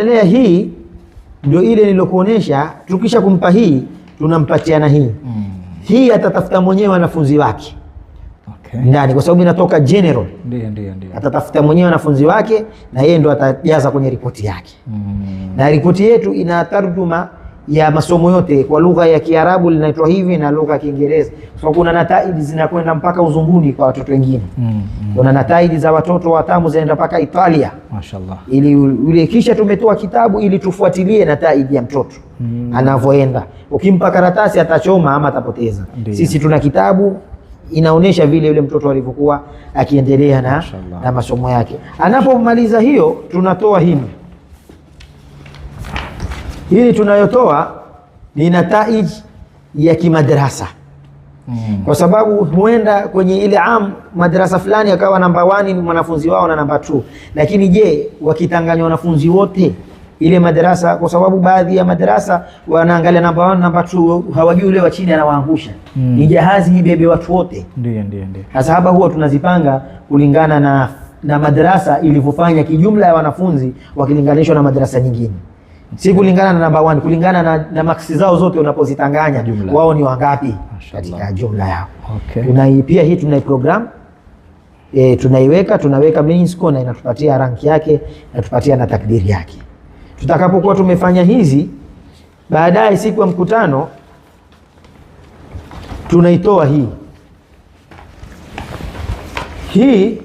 Endelea, hii ndio ile nilokuonesha. Tukisha kumpa hii, tunampatiana hii mm. Hii atatafuta mwenyewe wanafunzi wake okay. ndani kwa sababu inatoka general, ndio ndio ndio, atatafuta mwenyewe wanafunzi wake na yeye ndo atajaza kwenye ripoti yake mm. na ripoti yetu ina tarjuma ya masomo yote kwa lugha ya Kiarabu linaitwa hivi na lugha ya Kiingereza, kwa so, kuna nataidi zinakwenda mpaka uzunguni kwa watoto wengine. mm, mm. Kuna nataidi za watoto watamu zinaenda mpaka Italia, mashaallah, ili ule kisha tumetoa kitabu ili tufuatilie nataidi ya mtoto mm. anavyoenda. Ukimpa karatasi atachoma ama atapoteza. Ndiyo. Sisi tuna kitabu inaonesha vile yule mtoto alivyokuwa akiendelea na, na masomo yake. Anapomaliza hiyo tunatoa hivi Hili tunayotoa ni nataij ya kimadrasa mm. Kwa sababu huenda kwenye ile am madrasa fulani akawa namba wani ni mwanafunzi wao na namba tu, lakini je, wakitanganya wanafunzi wote ile madarasa, kwa sababu baadhi ya madarasa wanaangalia namba wani namba tu, hawajui yule wa chini anawaangusha mm. Ni jahazi ibebe watu wote, ndio ndio ndio. Sasa hapa huwa tunazipanga kulingana na na madarasa ilivyofanya kijumla ya wanafunzi wakilinganishwa na madarasa nyingine si kulingana na namba one, kulingana na, na maksi zao zote unapozitanganya wao ni wangapi katika jumla yao. Okay. Tunai, pia hii tunai program e, tunaiweka tunaweka main score na inatupatia rank yake inatupatia na takdiri yake. Tutakapokuwa tumefanya hizi, baadaye siku ya mkutano tunaitoa hii. Hii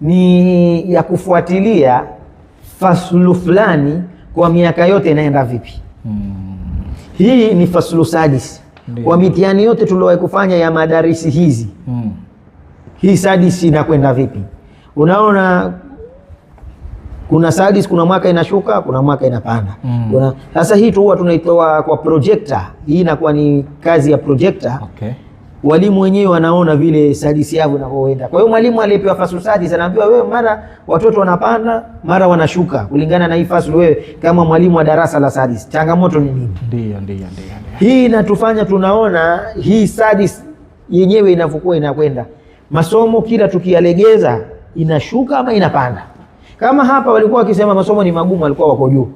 ni ya kufuatilia fasulu fulani kwa miaka yote inaenda vipi? hmm. Hii ni faslu sadis kwa mitihani yote tuliowahi kufanya ya madarisi hizi hmm. Hii sadis inakwenda vipi? Unaona, kuna sadis, kuna mwaka inashuka, kuna mwaka inapanda. Hmm. Sasa hii tu huwa tunaitoa kwa projekta, Hii inakuwa ni kazi ya projekta okay walimu wenyewe wanaona vile sadisi yao inavyoenda. Kwa hiyo mwalimu aliyepewa fasul sadis anaambiwa wewe, mara watoto wanapanda mara wanashuka kulingana na hii fasul. Wewe kama mwalimu wa darasa la sadis, changamoto ni nini? Ndio, ndio, ndio. Hii inatufanya tunaona hii sadis yenyewe inavyokuwa inakwenda masomo, kila tukiyalegeza inashuka ama inapanda. Kama hapa walikuwa wakisema masomo ni magumu, walikuwa wako juu,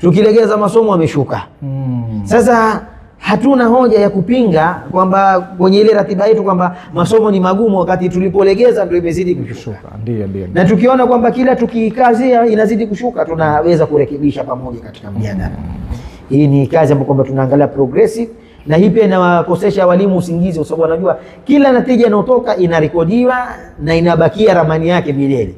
tukilegeza masomo wameshuka. Hmm. Sasa hatuna hoja ya kupinga kwamba kwenye ile ratiba yetu kwamba masomo ni magumu, wakati tulipolegeza ndio imezidi kushuka. Ndio, ndio. Na tukiona kwamba kila tukikazia inazidi kushuka, tunaweza kurekebisha pamoja katika mjadala. Hii ni kazi ambayo kwamba tunaangalia progressive na hii pia inawakosesha walimu usingizi, kwa sababu wanajua kila natija inayotoka inarekodiwa na inabakia ramani yake milele.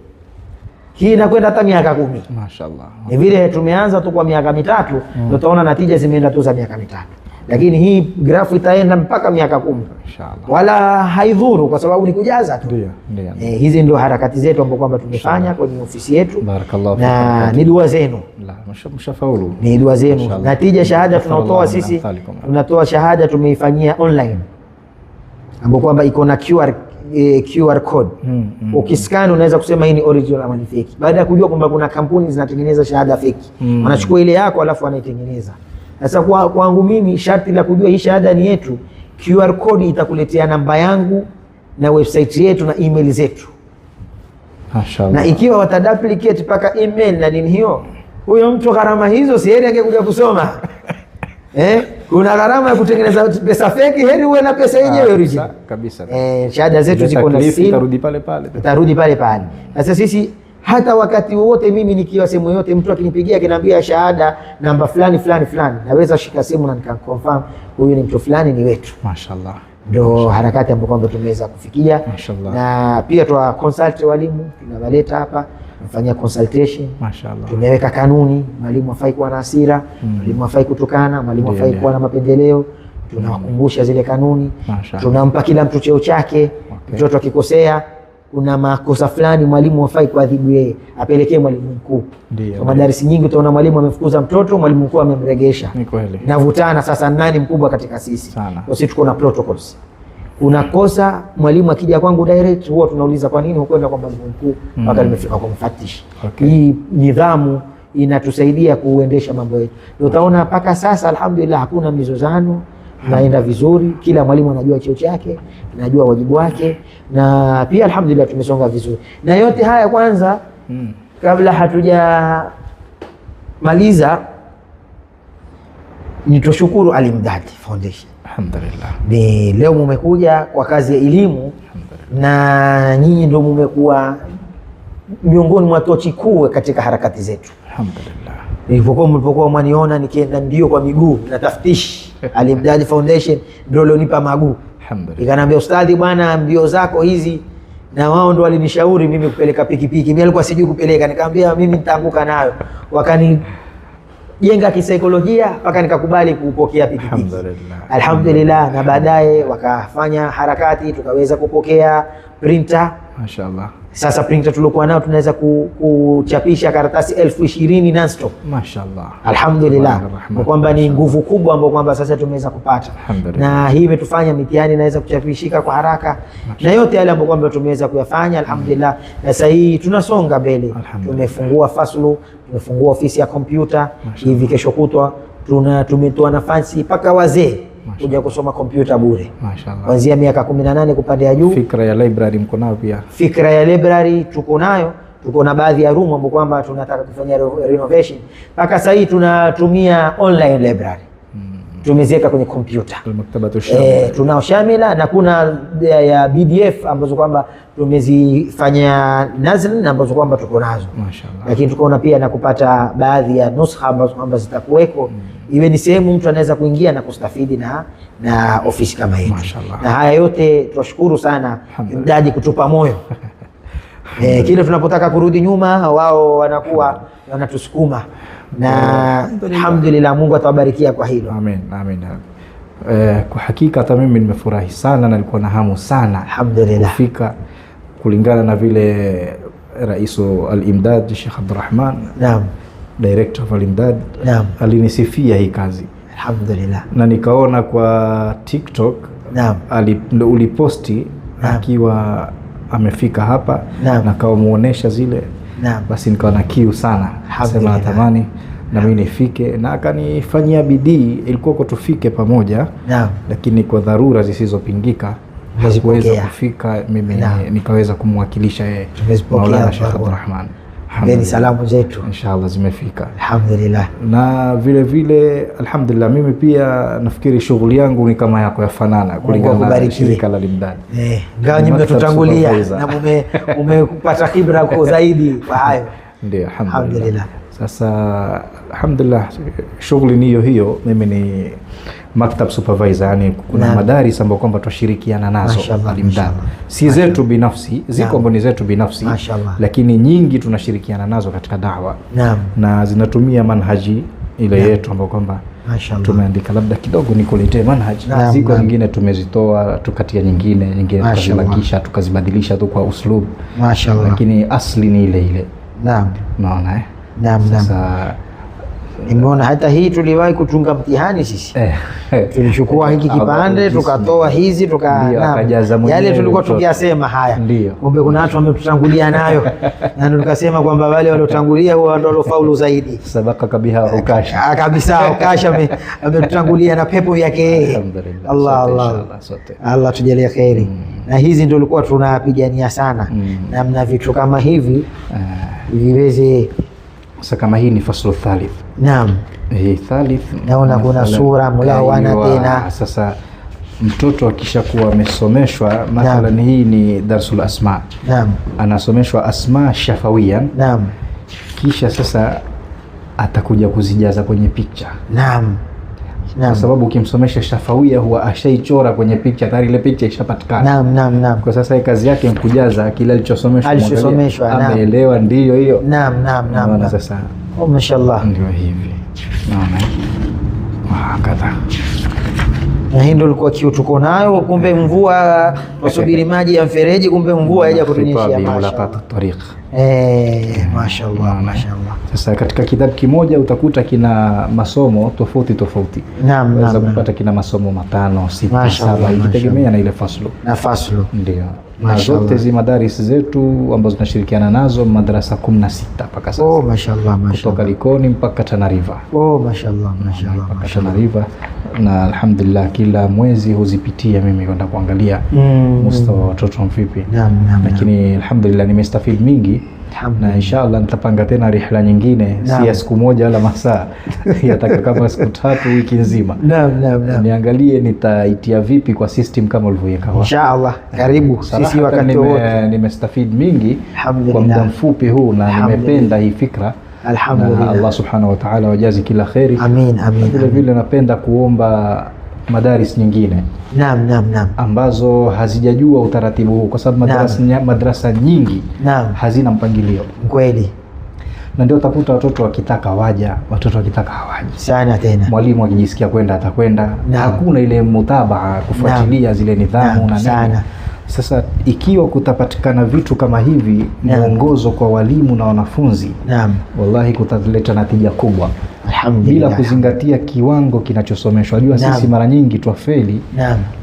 Hii inakwenda hata miaka kumi. Mashaallah. Ni vile tumeanza tu kwa miaka mitatu, mm. Utaona natija zimeenda tu za miaka mitatu lakini hii grafu itaenda mpaka miaka kumi wala haidhuru, kwa sababu ni kujaza tu. E, hizi ndio harakati zetu ambao kwamba tumefanya kwenye ofisi yetu, na ni dua zenu, ni dua zenu. Natija shahada tunatoa sisi, tunatoa shahada tumeifanyia online, ambao kwamba iko na QR E, eh, QR code hmm, hmm, mm, ukiskani unaweza kusema hii ni original ama ni fake, baada ya kujua kwamba kuna kampuni zinatengeneza shahada fake, mm. wanachukua ile yako alafu wanaitengeneza sasa kwa kwangu mimi sharti la kujua hii shahada ni yetu, QR code itakuletea namba yangu na website yetu na email zetu. Mashallah. Na ikiwa wataduplicate paka email na nini hiyo, huyo mtu gharama hizo si heri angekuja kusoma. Eh, kuna gharama ya kutengeneza pesa feki, heri uwe na pesa yenyewe ah, original. Kabisa. Eh, shahada zetu ziko na sisi, tarudi pale pale. tarudi pale pale. Sasa sisi hata wakati wowote mimi nikiwa sehemu yote, mtu akinipigia akiniambia shahada namba fulani fulani fulani, naweza shika simu na nikaconfirm huyu ni mtu fulani, ni wetu. Mashaallah, ndo harakati ambayo kwamba tumeweza kufikia. Mashaallah, na pia tuwa consult walimu, tunawaleta hapa tunafanyia consultation. Mashaallah, tumeweka kanuni, mwalimu afai kuwa na hasira, hmm. mwalimu mm. afai kutukana, mwalimu afai kuwa na mapendeleo. Tunawakumbusha zile kanuni, tunampa kila mtu cheo chake. Mtoto okay. akikosea kuna makosa fulani mwalimu hafai kuadhibu yeye, apelekee mwalimu mkuu. Ndio madarasa nyingi utaona mwalimu amefukuza mtoto, mwalimu mkuu amemregesha. Ni kweli, navutana sasa, nani mkubwa katika sisi? Kwa Sisi tuko na protocols. Unakosa mwalimu akija kwangu direct, huwa tunauliza kwa nini hukwenda kwa mwalimu mkuu mm. mpaka nimefika kwa mfatishi. Okay. Hii nidhamu inatusaidia kuendesha mambo yetu. Utaona mpaka sasa alhamdulillah hakuna mizozano naenda vizuri, kila mwalimu anajua cheo chake, anajua wajibu wake, na pia alhamdulillah tumesonga vizuri. Na yote haya kwanza, hmm. kabla hatujamaliza nitoshukuru Alimdad Foundation. Alhamdulillah. Ni leo mumekuja kwa kazi ya elimu na nyinyi ndio mumekuwa miongoni mwa tochi kuu katika harakati zetu. Alhamdulillah. Nilipokuwa mlipokuwa mwaniona nikienda mbio kwa miguu natafutishi Alimdadi Foundation ndio lionipa maguu, Ikanambia ustadhi, bwana mbio zako hizi na wao ndo walinishauri mimi kupeleka pikipiki. Mimi alikuwa sijui kupeleka, nikamwambia mimi nitaanguka nayo. Wakanijenga kisaikolojia mpaka nikakubali kupokea pikipiki, alhamdulillah. Na baadaye wakafanya harakati, tukaweza kupokea printer Mashallah. Sasa printer tulokuwa nao tunaweza kuchapisha karatasi elfu ishirini nonstop. Mashallah. Alhamdulillah. Kwamba ni nguvu kubwa ambayo kwamba sasa tumeweza kupata. Na hii imetufanya mitihani inaweza kuchapishika kwa haraka. Na yote yale ambayo kwamba tumeweza kuyafanya alhamdulillah. Na sasa hii tunasonga mbele. Tumefungua faslu, tumefungua ofisi ya kompyuta. Hivi kesho kutwa tuna tumetoa nafasi mpaka wazee kuja kusoma kompyuta bure kuanzia miaka kumi na nane kupanda juu. Fikra ya library mko nayo pia? Fikra ya library tuko nayo, tuko na baadhi ya room ambapo kwamba tunataka kufanya renovation. Mpaka sasa hivi tunatumia online library tumeziweka kwenye kompyuta e, tunao Shamila na kuna eh, ya, ya BDF ambazo kwamba tumezifanya nazl ambazo kwamba tuko nazo, lakini tukaona pia na kupata baadhi ya nusha ambazo kwamba zitakuweko mm. iwe ni sehemu mtu anaweza kuingia na kustafidi na, na ofisi kama hii. Na haya yote tunashukuru sana mdaji kutupa moyo e, kile tunapotaka kurudi nyuma wao wanakuwa wanatusukuma na eh, alhamdulillah, Mungu atawabarikia kwa hilo. Amen, amen. Eh, kwa hakika hata mimi nimefurahi sana na nilikuwa na hamu sana alhamdulillah kufika kulingana na vile Rais Al-Imdad Sheikh Abdurrahman naam, Director of Al-Imdad naam, alinisifia hii kazi alhamdulillah, na nikaona kwa TikTok naam, uliposti akiwa amefika hapa naam, na kawamuonesha zile Naam. Basi nikawa na kiu sana, sema natamani na mimi nifike, na akanifanyia bidii. Ilikuwa kwa tufike pamoja Naam. lakini kwa dharura zisizopingika hakuweza kufika, mimi nikaweza kumwakilisha yeye Maulana Sheikh Abdurrahman Geni salamu zetu inshallah zimefika alhamdulillah. Na vile vile alhamdulillah, mimi pia nafikiri shughuli yangu ni kama yako yafanana, kulingana na shirika la Limdad eh, ngawa nyinyi mmetutangulia na mume umepata kibra kwa zaidi kwa hayo ndio alhamdulillah. Sasa alhamdulillah, shughuli niyo hiyo, mimi ni maktab supervisor, yani kuna na madaris ambayo kwamba twashirikiana nazo alimdam, si zetu binafsi, ziko ambao ni zetu binafsi, lakini nyingi tunashirikiana nazo katika dawa na, na zinatumia manhaji ile yetu ambayo kwamba tumeandika labda kidogo nikuletee manhaji. Ziko nyingine tumezitoa tukatia nyingine nyingine tukazibakisha tukazibadilisha tu kwa uslub, lakini asli ni ile ile. Naam, naona eh. Naam, naam. Nimeona hata hii tuliwahi kutunga mtihani sisi eh, eh. tulichukua hiki kipande tukatoa hizi tuka yale tulikuwa tukiyasema haya, kumbe kuna watu wametutangulia nayo, na tukasema kwamba wale waliotangulia huwa ndio waliofaulu zaidi. Sabaka kabiha ukasha ah, kabisa, ukasha ametutangulia na pepo yake yeye. Allah Allah Allah, tujalie kheri. Mm. Na hizi ndio tulikuwa tunapigania sana, mm. na mna vitu kama hivi ah. viweze sasa kama hii ni faslu thalith. Naam. Eh, thalith. Naona kuna sura mulawana eh, tena. Sasa mtoto akishakuwa amesomeshwa mathalan, hii ni darsul asma. Naam. Anasomeshwa asma shafawian. Naam. Kisha sasa atakuja kuzijaza kwenye picha. Naam kwa sababu ukimsomesha Shafawia huwa ashaichora kwenye picha tayari, ile picha ishapatikana. Naam, naam, naam. Kwa sasa kazi yake nkujaza kujaza kile alichosomeshwa, ameelewa, ndiyo hiyo. Naam, naam, naam. Sasa oh, mashaallah, ndio hivi naona kadha na hii ndio ilikuwa kiu tuko nayo. Kumbe mvua tusubiri maji ya mfereji, kumbe mvua haija kutunyeshia. Eh, mashaallah, mashaallah. Sasa katika kitabu kimoja utakuta kina masomo tofauti tofauti, naam, naam, kupata kina masomo matano, sita, saba, ikitegemea na ile faslu na faslu ndio na zote hizi madaris zetu ambazo tunashirikiana nazo madarasa 16 mpaka sasa. Oh, mashallah, mashallah. Kutoka Likoni mpaka River. Oh, mashallah, mashallah. Mpaka River na alhamdulillah kila mwezi huzipitia mimi kwenda kuangalia mm, mustawa watoto mvipi. Naam, naam. Lakini alhamdulillah nimestafid mingi na inshallah nitapanga tena rihla nyingine si ya siku moja wala masaa yataka kama siku tatu wiki nzima naam, naam, naam. niangalie nitaitia vipi kwa system kama ulivyoiweka inshallah karibu sisi wakati wote nimestafid nime mingi kwa muda mfupi huu na nimependa hii fikra alhamdulillah Allah subhanahu wa ta'ala wajazi kila kheri amin, amin, vile vile napenda kuomba madaris nyingine naam, naam, naam. ambazo hazijajua utaratibu huu kwa sababu madrasa, madrasa nyingi naam. hazina mpangilio kweli, na ndio utakuta watoto wakitaka waja, watoto wakitaka hawaji sana tena, mwalimu akijisikia kwenda atakwenda, hakuna ile mutabaa kufuatilia zile nidhamu na nini sasa ikiwa kutapatikana vitu kama hivi mwongozo kwa walimu na wanafunzi, naam, wallahi kutaleta natija kubwa, bila kuzingatia kiwango kinachosomeshwa. Unajua sisi mara nyingi twafeli,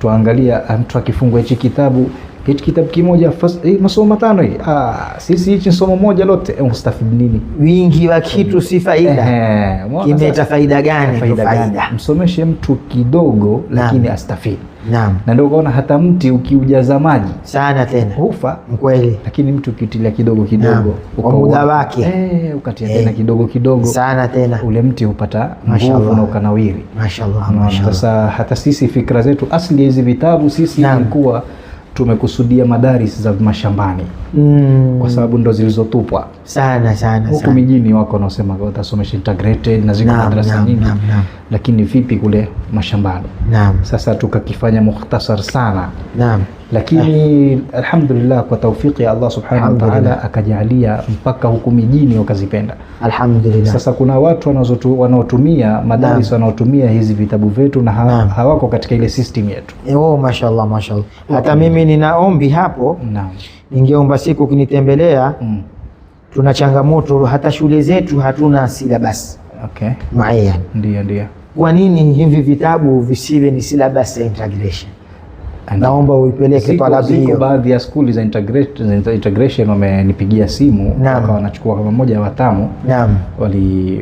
twaangalia ah, mtu akifungwa hichi kitabu hichi kitabu kimoja eh, masomo matano hii. Ah, sisi hichi somo moja lote eh, mstafidi nini? Wingi wa kitu si faida eh, kimeta faida gani? Faida, faida. Msomeshe mtu kidogo, lakini astafidi Naam. Na ndio ukaona hata mti ukiujaza maji sana tena hufa kweli, lakini mti ukitilia kidogo kidogo kwa muda wake eh, ukatia tena eh. kidogo kidogo sana tena ule mti hupata nguvu na ukanawiri. Mashaallah, Sasa hata sisi fikra zetu asili hizi vitabu sisi ilikuwa tumekusudia madaris za mashambani mm. Kwa sababu ndo zilizotupwa sana sana huku mijini, wako wanaosema watasomesha integrated na zingine madrasa nyingi lakini vipi kule mashambani. Naam. Sasa tukakifanya mukhtasar sana. Naam. Lakini Naam. Ah. Alhamdulillah kwa taufiki ya Allah subhanahu wa ta'ala akajalia mpaka huku mijini wakazipenda. Alhamdulillah. Sasa kuna watu wanaotumia madaris wanaotumia hizi vitabu vyetu na ha, hawako katika ile system yetu. Eh, oh, mashallah mashallah. Hata mimi nina ombi hapo. Naam. Ningeomba siku ukinitembelea mm. Tuna changamoto hata shule zetu hatuna silabasi. Okay. Muayyan. Ndio, ndio kwa nini hivi vitabu visiwe ni syllabus ya integration? Naomba uipeleke talabu hiyo. baadhi ya skuli za integration, za integration wamenipigia simu wakawa wanachukua kama moja ya watamu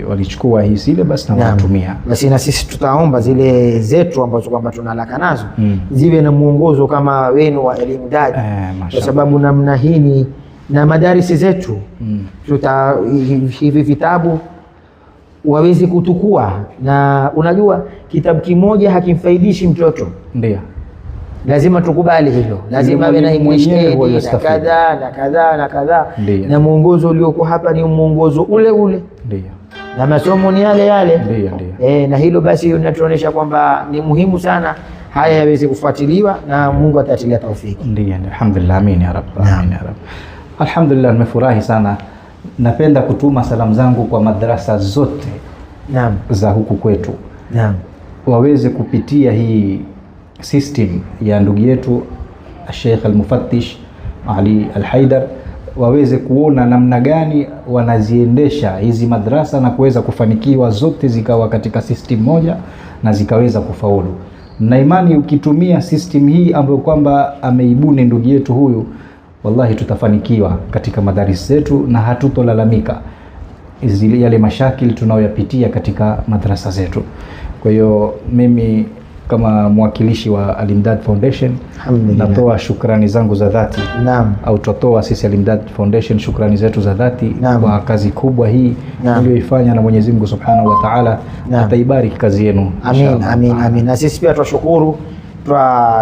walichukua wali hii syllabus na wanatumia. Basi na sisi tutaomba zile zetu ambazo kwamba tunalaka nazo hmm, ziwe na mwongozo kama wenu wa elimu dadi eh, kwa sababu namna hii na madarisi zetu hmm, tuta hivi vitabu waweze kutukua. Na unajua kitabu kimoja hakimfaidishi mtoto, ndio lazima tukubali hilo, lazima awe na imwisheni na kadha na kadha na kadhaa, na mwongozo ulioko hapa ni mwongozo ule ule, ndio na masomo ni yale yale, e, na hilo basi natuonyesha kwamba ni muhimu sana haya yaweze kufuatiliwa na Mungu atatilia taufiki. Ndio, alhamdulillah, amin ya rab, amin ya rab, Alhamdulillah, nimefurahi sana napenda kutuma salamu zangu kwa madrasa zote Naam. za huku kwetu Naam. waweze kupitia hii system ya ndugu yetu Sheikh Al-Mufattish Ali Al-Haidar waweze kuona namna gani wanaziendesha hizi madrasa na kuweza kufanikiwa zote zikawa katika system moja na zikaweza kufaulu na imani ukitumia system hii ambayo kwamba ameibuni ndugu yetu huyu wallahi tutafanikiwa katika madarisi zetu na hatutolalamika yale mashakili tunayoyapitia katika madrasa zetu. Kwa hiyo mimi kama mwakilishi wa Alimdad Foundation natoa shukrani zangu za dhati naam, au twatoa sisi Alimdad Foundation shukrani zetu za dhati naam, kwa kazi kubwa hii iliyoifanya na Mwenyezi Mungu Subhanahu wa Ta'ala ataibariki kazi yenu. Amin, amin, amin. Na sisi pia tuwashukuru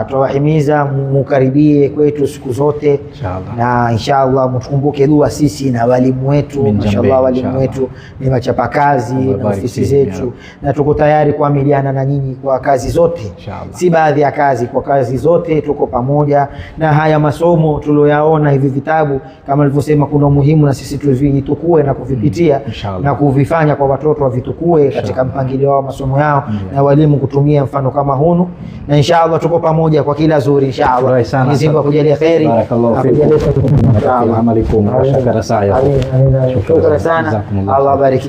twawahimiza mukaribie kwetu siku zote inshallah. Na inshallah mtukumbuke dua sisi na walimu wetu, mashallah walimu wetu ni machapakazi na ofisi zetu, na tuko tayari kuamiliana na nyinyi kwa kazi zote Si baadhi ya kazi, kwa kazi zote tuko pamoja, na haya masomo tulioyaona hivi vitabu kama nilivyosema, kuna umuhimu na sisi tuvitukue na kuvipitia mm, na kuvifanya kwa watoto wavitukue katika mpangilio wao masomo yao, mm, na walimu kutumia mfano kama hunu na inshallah inshallah tuko pamoja kwa kila zuri inshallah. Mwenyezi Mungu akujalie kheri. Barakallahu fikum. Allah bariki.